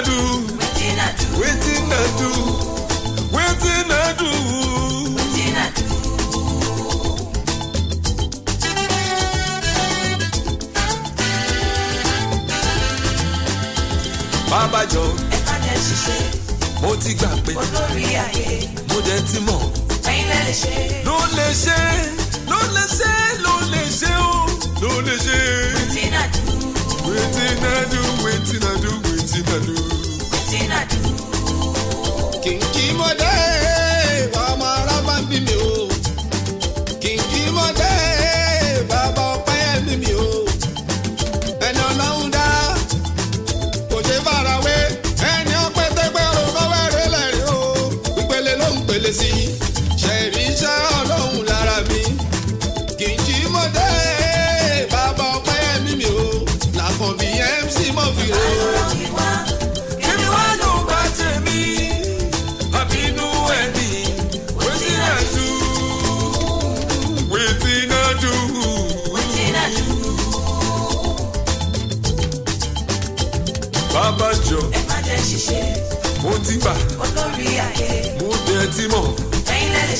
I do? Waiting I do? Waiting I do? Waiting I do? Bàbá jọ. Ẹ bá dẹ̀ ṣiṣẹ́. Mo ti gbà pé. Olórí ayé. Mo dẹ̀ ti mọ̀. Ẹyin lẹ lè ṣe. Ló lè ṣe. Ló lè ṣe. Ló lè ṣe o. Ló lè ṣe. Wetin I do? Wetin I do? Wetin I do? pẹ̀lú. kùtìnà dùn. kìkì mọ́dẹ́.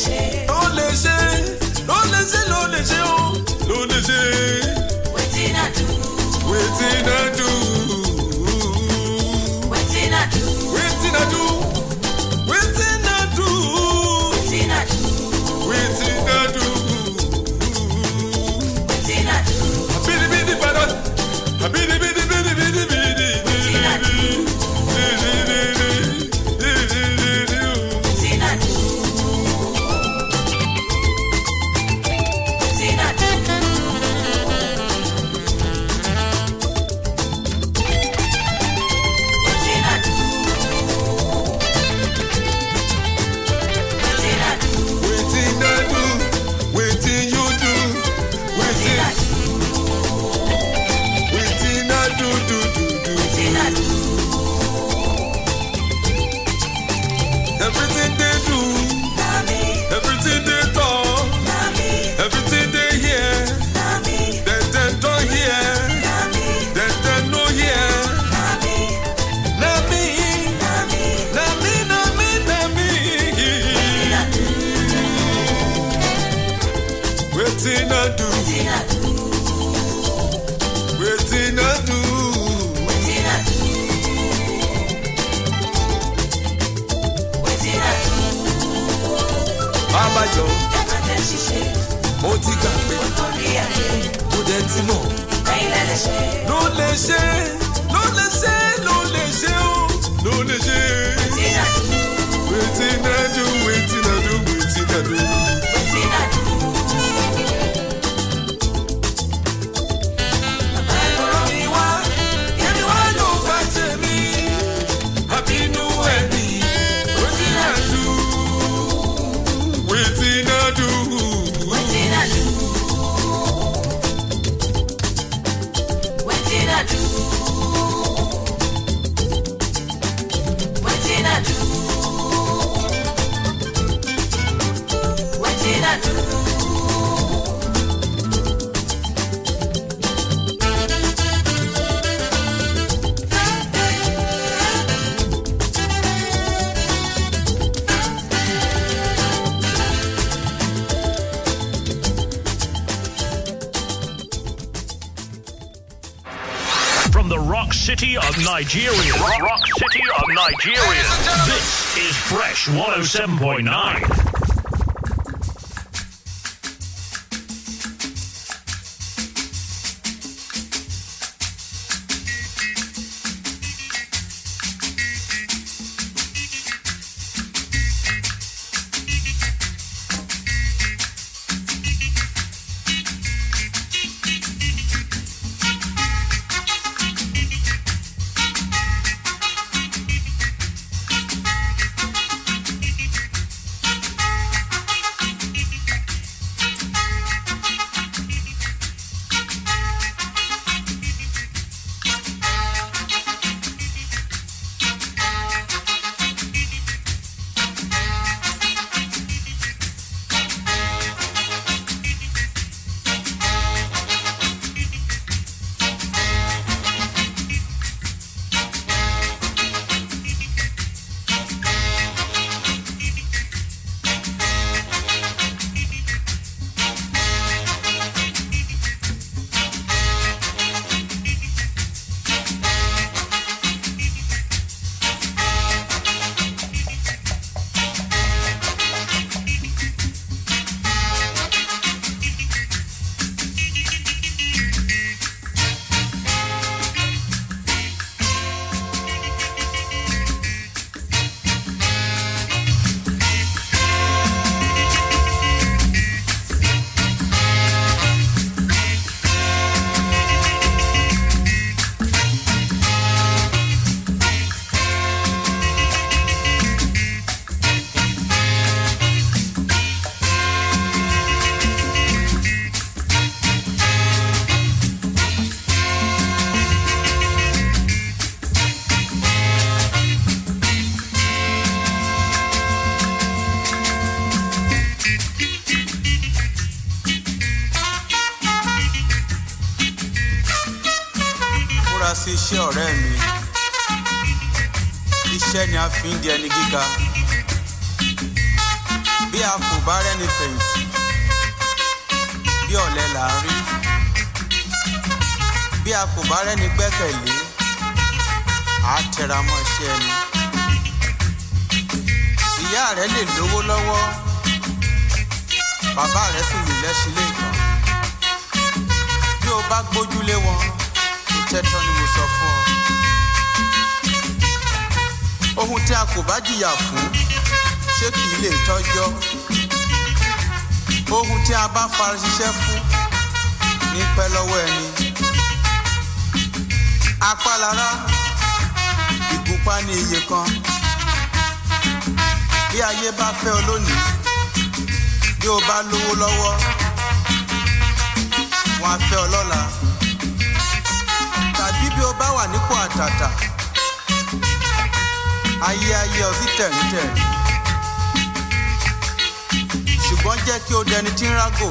ṣe much. Nigeria. Rock, rock City of Nigeria. This is Fresh 107.9. iṣẹ́ ni a fi ń di ẹni gíga bí a kò bá rẹ́ni fẹ̀yìntì bí ọ̀lẹ là ń rí bí a kò bá rẹ́ni gbẹ́kẹ̀lé à á tẹra mọ́ iṣẹ́ ẹni ìyá rẹ lè lówó lọ́wọ́ bàbá rẹ sì lè lẹ́sìn lè tán bí o bá gbójúlé wọn kò ni mo sọ fún ọ ohun tí a kò bá jìyà fún ṣé kì í lè tọ́jọ́ ohun tí a bá fara ṣiṣẹ́ fún ní pẹ́ lọ́wọ́ ẹni apálára ìgúnpá ní iye kan bí ayé bá fẹ́ ọ lónìí bí o bá lówó lọ́wọ́ wọn á fẹ́ ọ lọ́la tàbí bí o bá wà nípò àtàtà ayé ayé ọ sí tẹ̀rìntẹ̀rì ṣùgbọ́n jẹ́ kí o dẹni tí ń rágò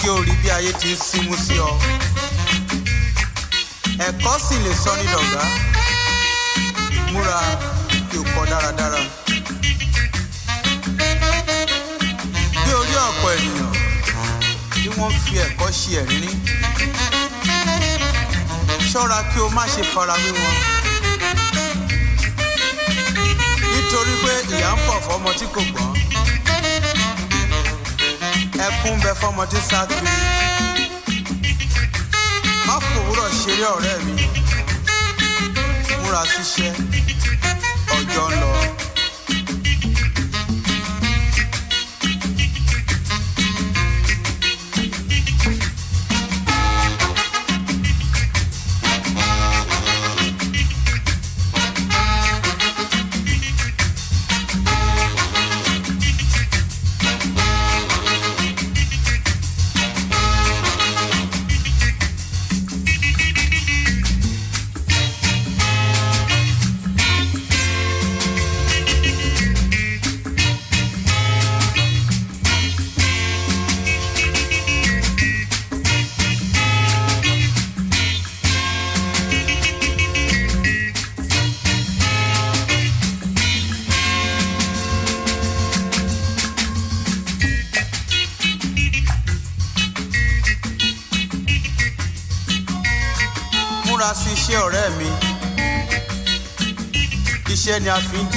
kí o rí bí ayé ti ń símú sí ọ ẹ̀kọ́ sì lè sọ ní dọ̀gá múra kí o kọ dáradára bí orí ọ̀pọ̀ ènìyàn bí wọ́n fi ẹ̀kọ́ ṣe ẹ̀rín ní ṣọ́ra kí o má ṣe fara wí nítorí pé ìyá ń pọ̀ fọmọ tí kò gbọ́n ẹkún bẹ fọmọ tí sá kiri má fòwúrọ̀ ṣeré ọ̀rẹ́ mi múra síṣẹ́ ọjọ́ ń lọ.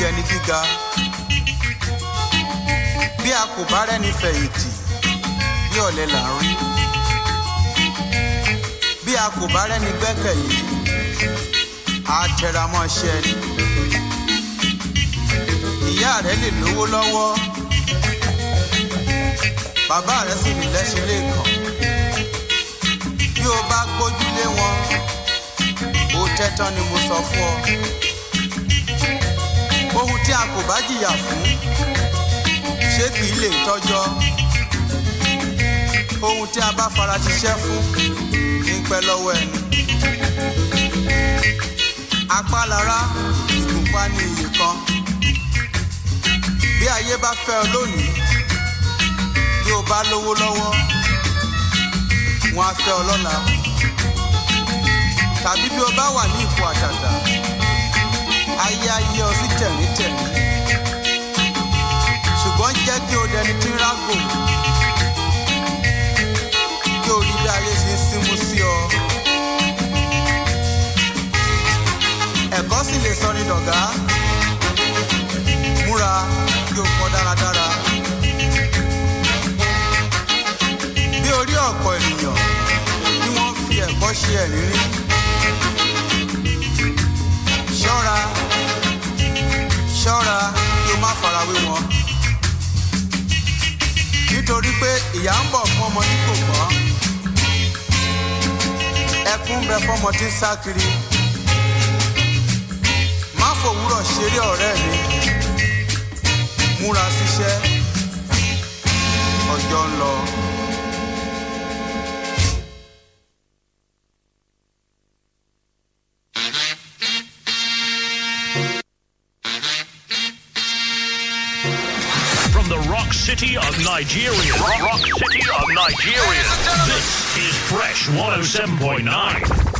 ẹni gíga bí a kò bá rẹ́ni fẹ̀yìntì bí ọ̀lẹ là ń rí bí a kò bá rẹ́ni gbẹ́kẹ̀lé a tẹra mọ́ iṣẹ́ ni ìyá rẹ lè lówó lọ́wọ́ bàbá rẹ sì ní lẹ́sìn lẹ́ẹ̀kan bí o bá gbójúlé wọn ó tẹ́tán ni mo sọ fún ọ ohun tí a kò bá jìyà fún ṣé kì í lè tọ́jọ́ ohun tí a bá fara ṣiṣẹ́ fún ní pẹ́ lọ́wọ́ ẹni. apálára ìgúnpá ní iyì kan bí ayé bá fẹ́ ọ lónìí bí o bá lówó lọ́wọ́ wọn á fẹ́ ọ lọ́la tàbí bí o bá wà ní ipò àtàtà á yí ọ sí tẹ̀mítẹ̀mí ṣùgbọ́n jẹ́ kí o dẹni tí ń rágò kí o rí bí ayé ṣe ń símú sí ọ. ẹ̀kọ́ sì lè sọ ní dọ̀gá múra kí o kọ dáradára. bí orí ọ̀pọ̀ ènìyàn ni wọ́n fi ẹ̀kọ́ ṣe ẹ̀rí rí. ìyá ń bọ̀ fún ọmọ tí kò gbọ́ ẹkún bẹ fọmọ tí ń sá kiri má fòwúrọ̀ ṣeré ọ̀rẹ́ mi múra síṣẹ́ ọjọ́ ń lọ. City of Nigeria. Rock, rock City of Nigeria. This is Fresh 107.9.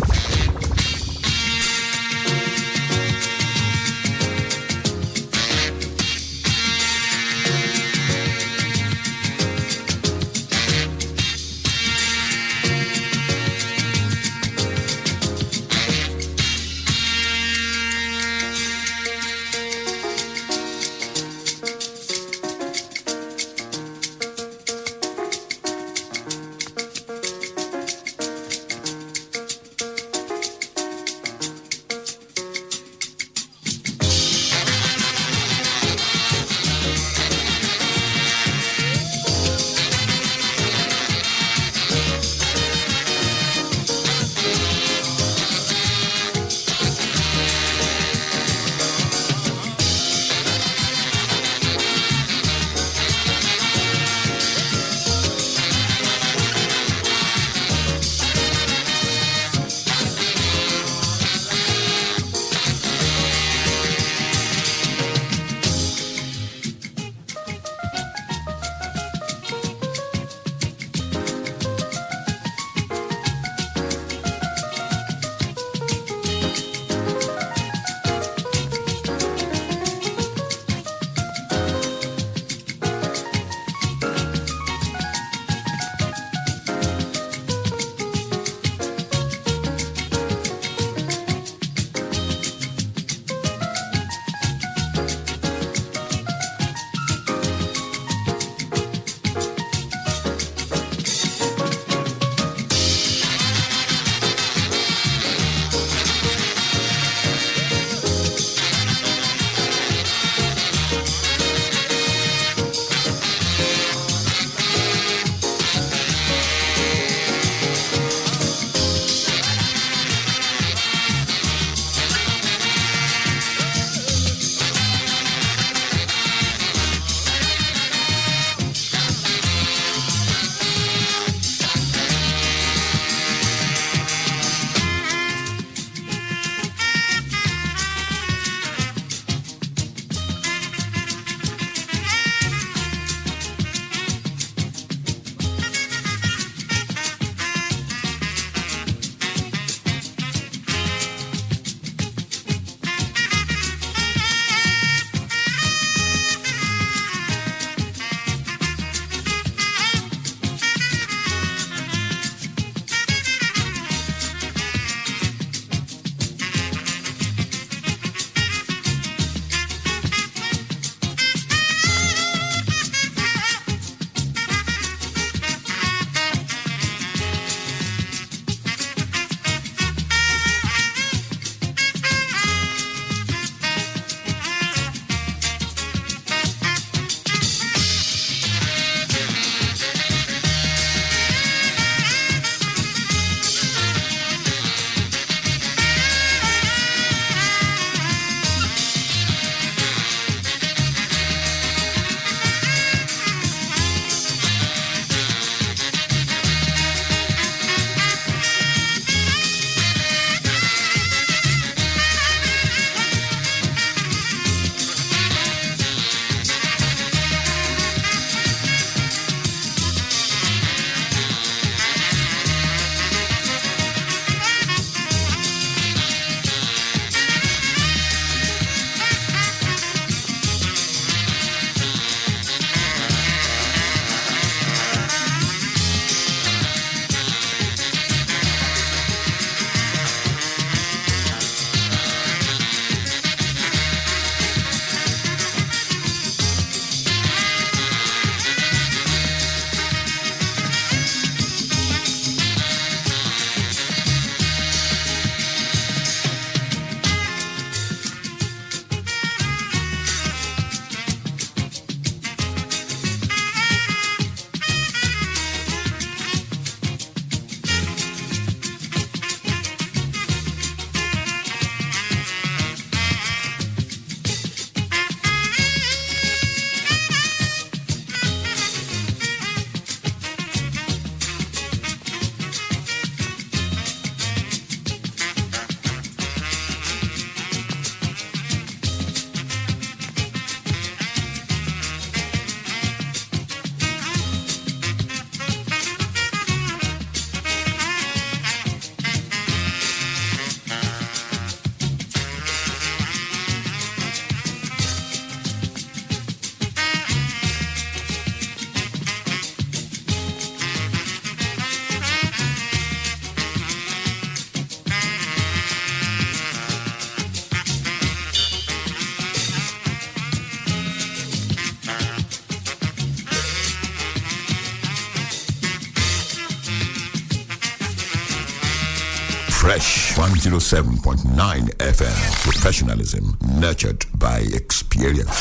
Fresh 107.9 FM. Professionalism nurtured by experience.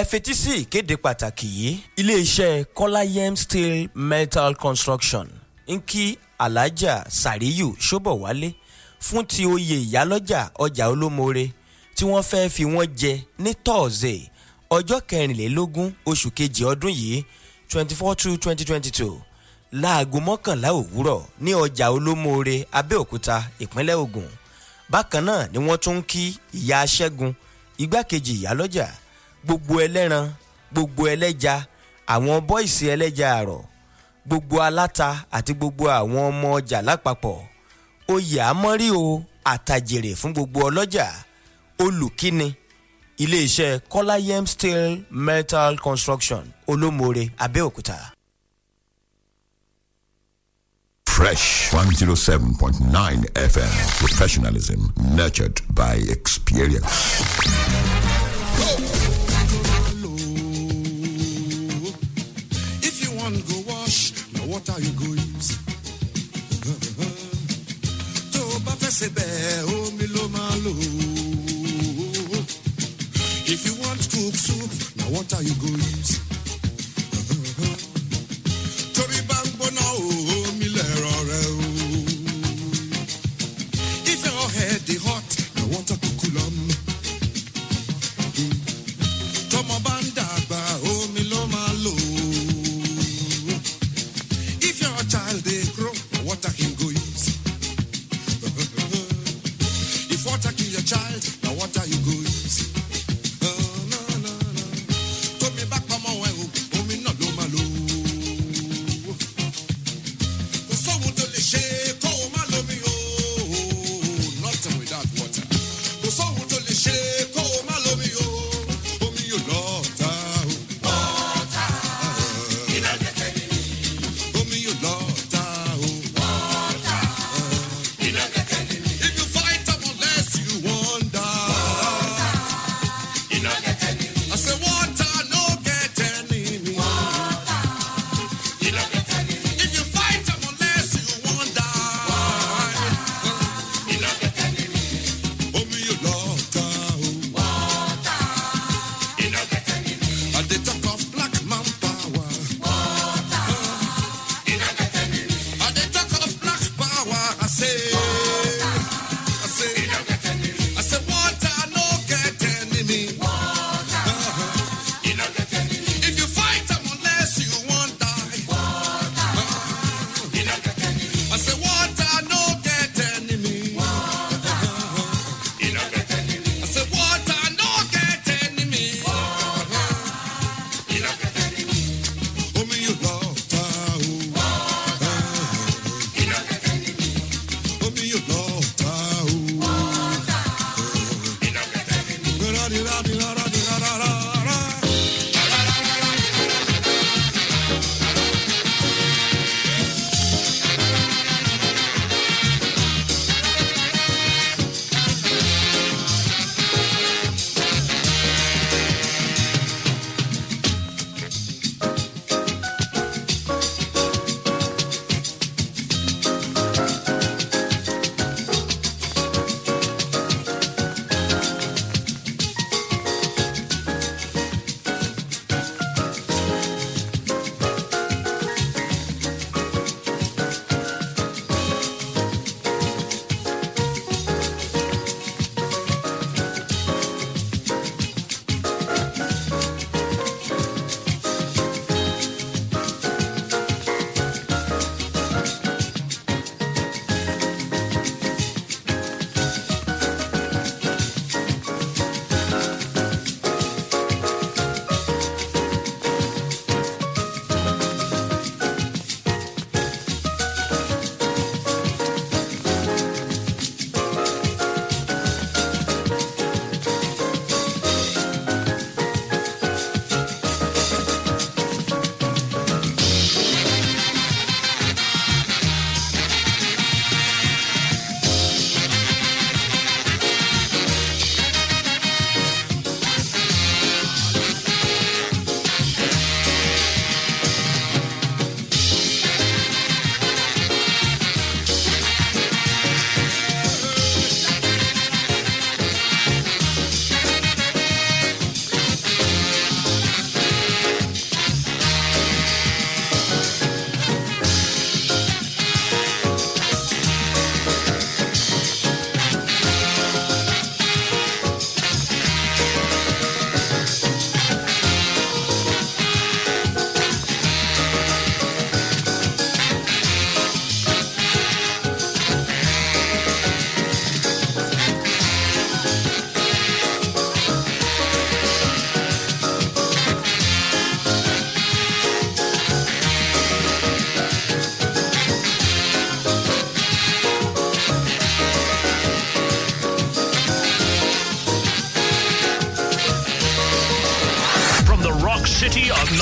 ẹ fetí sí ìkéde pàtàkì yìí iléeṣẹ́ kọ́láyẹ́m steel metal construction ń kí alájà sàríyù ṣọ́bọ̀wálé fún ti oyè ìyálọ́jà ọjà olómoore tí wọ́n fẹ́ fi wọ́n jẹ ní thursday ọjọ́ kẹrìnlélógún oṣù kejì ọdún yìí twenty four two twenty twenty two láago mọ́kànlá òwúrọ̀ ní ọjà olómoore abẹ́òkúta ìpínlẹ̀ Ògùn bákan náà ni wọ́n tún ń kí ìyá Ṣẹ́gun igbákejì ìyálọ́jà gbogbo ẹlẹ́ran gbogbo ẹlẹ́ja àwọn bọ́ìsì ẹlẹ́ja àrọ̀ gbogbo aláta àti gbogbo àwọn ọmọ ọjà lápapọ̀ oyè àmọ́rí o àtàjèrè fún gbogbo ọlọ́jà olùkíni iléeṣẹ́ kọ́lá steel metal construction olómoore abẹ́òkúta. Fresh 107.9 FM. Professionalism nurtured by experience. If you want to go wash, now what are you going to use? If you want to cook soup, now what are you going to use? Chalde it up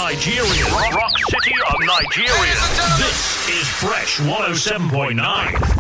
Nigeria. Rock, Rock City of Nigeria. This is Fresh 107.9.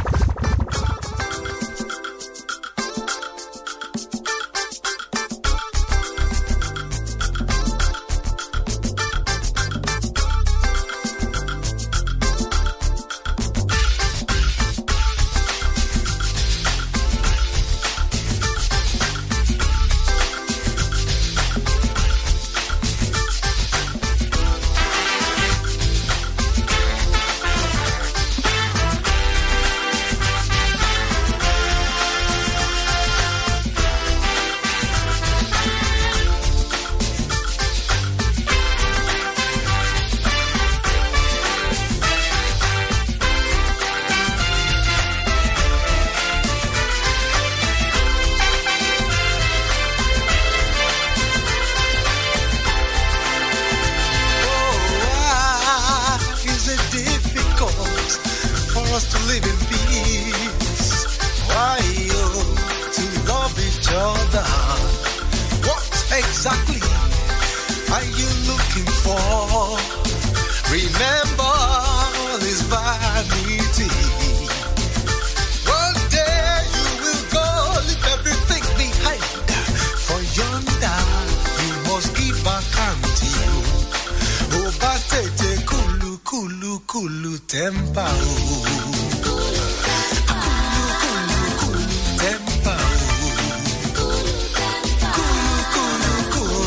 Kulu tempa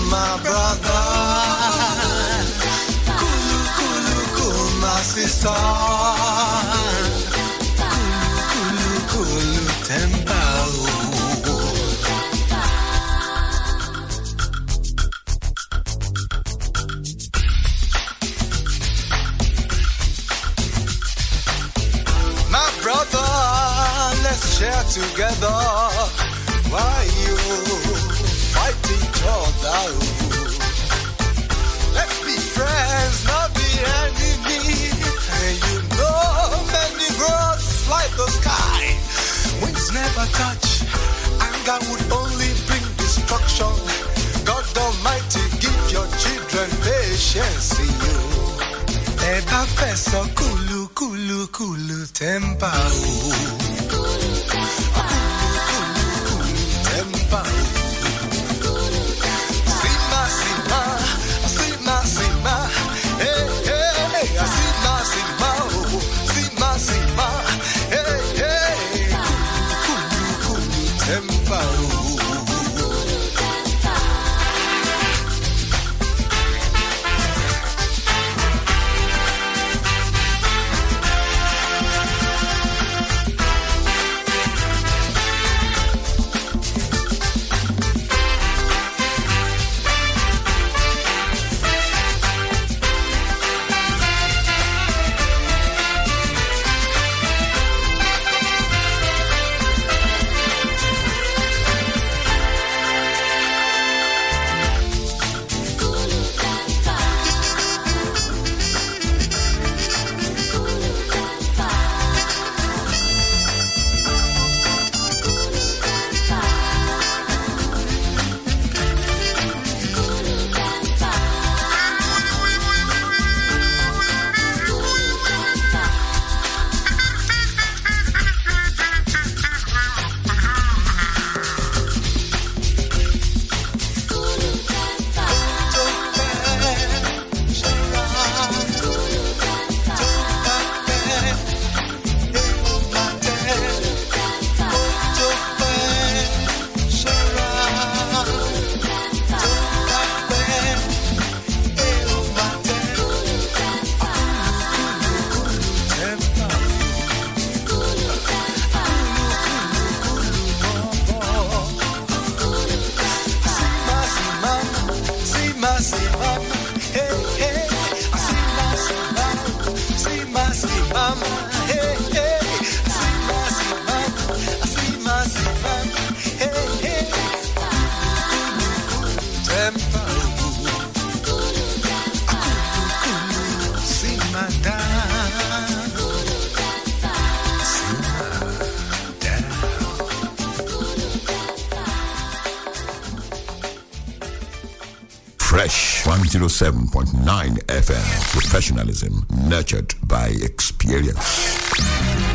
My brother, kulu kulu kulu, my sister. never touch. Anger would only bring destruction. God Almighty, give your children patience in you. Ẹ̀dá fẹ̀sọ̀ kulu, kulu, o. professionalism nurtured by experience.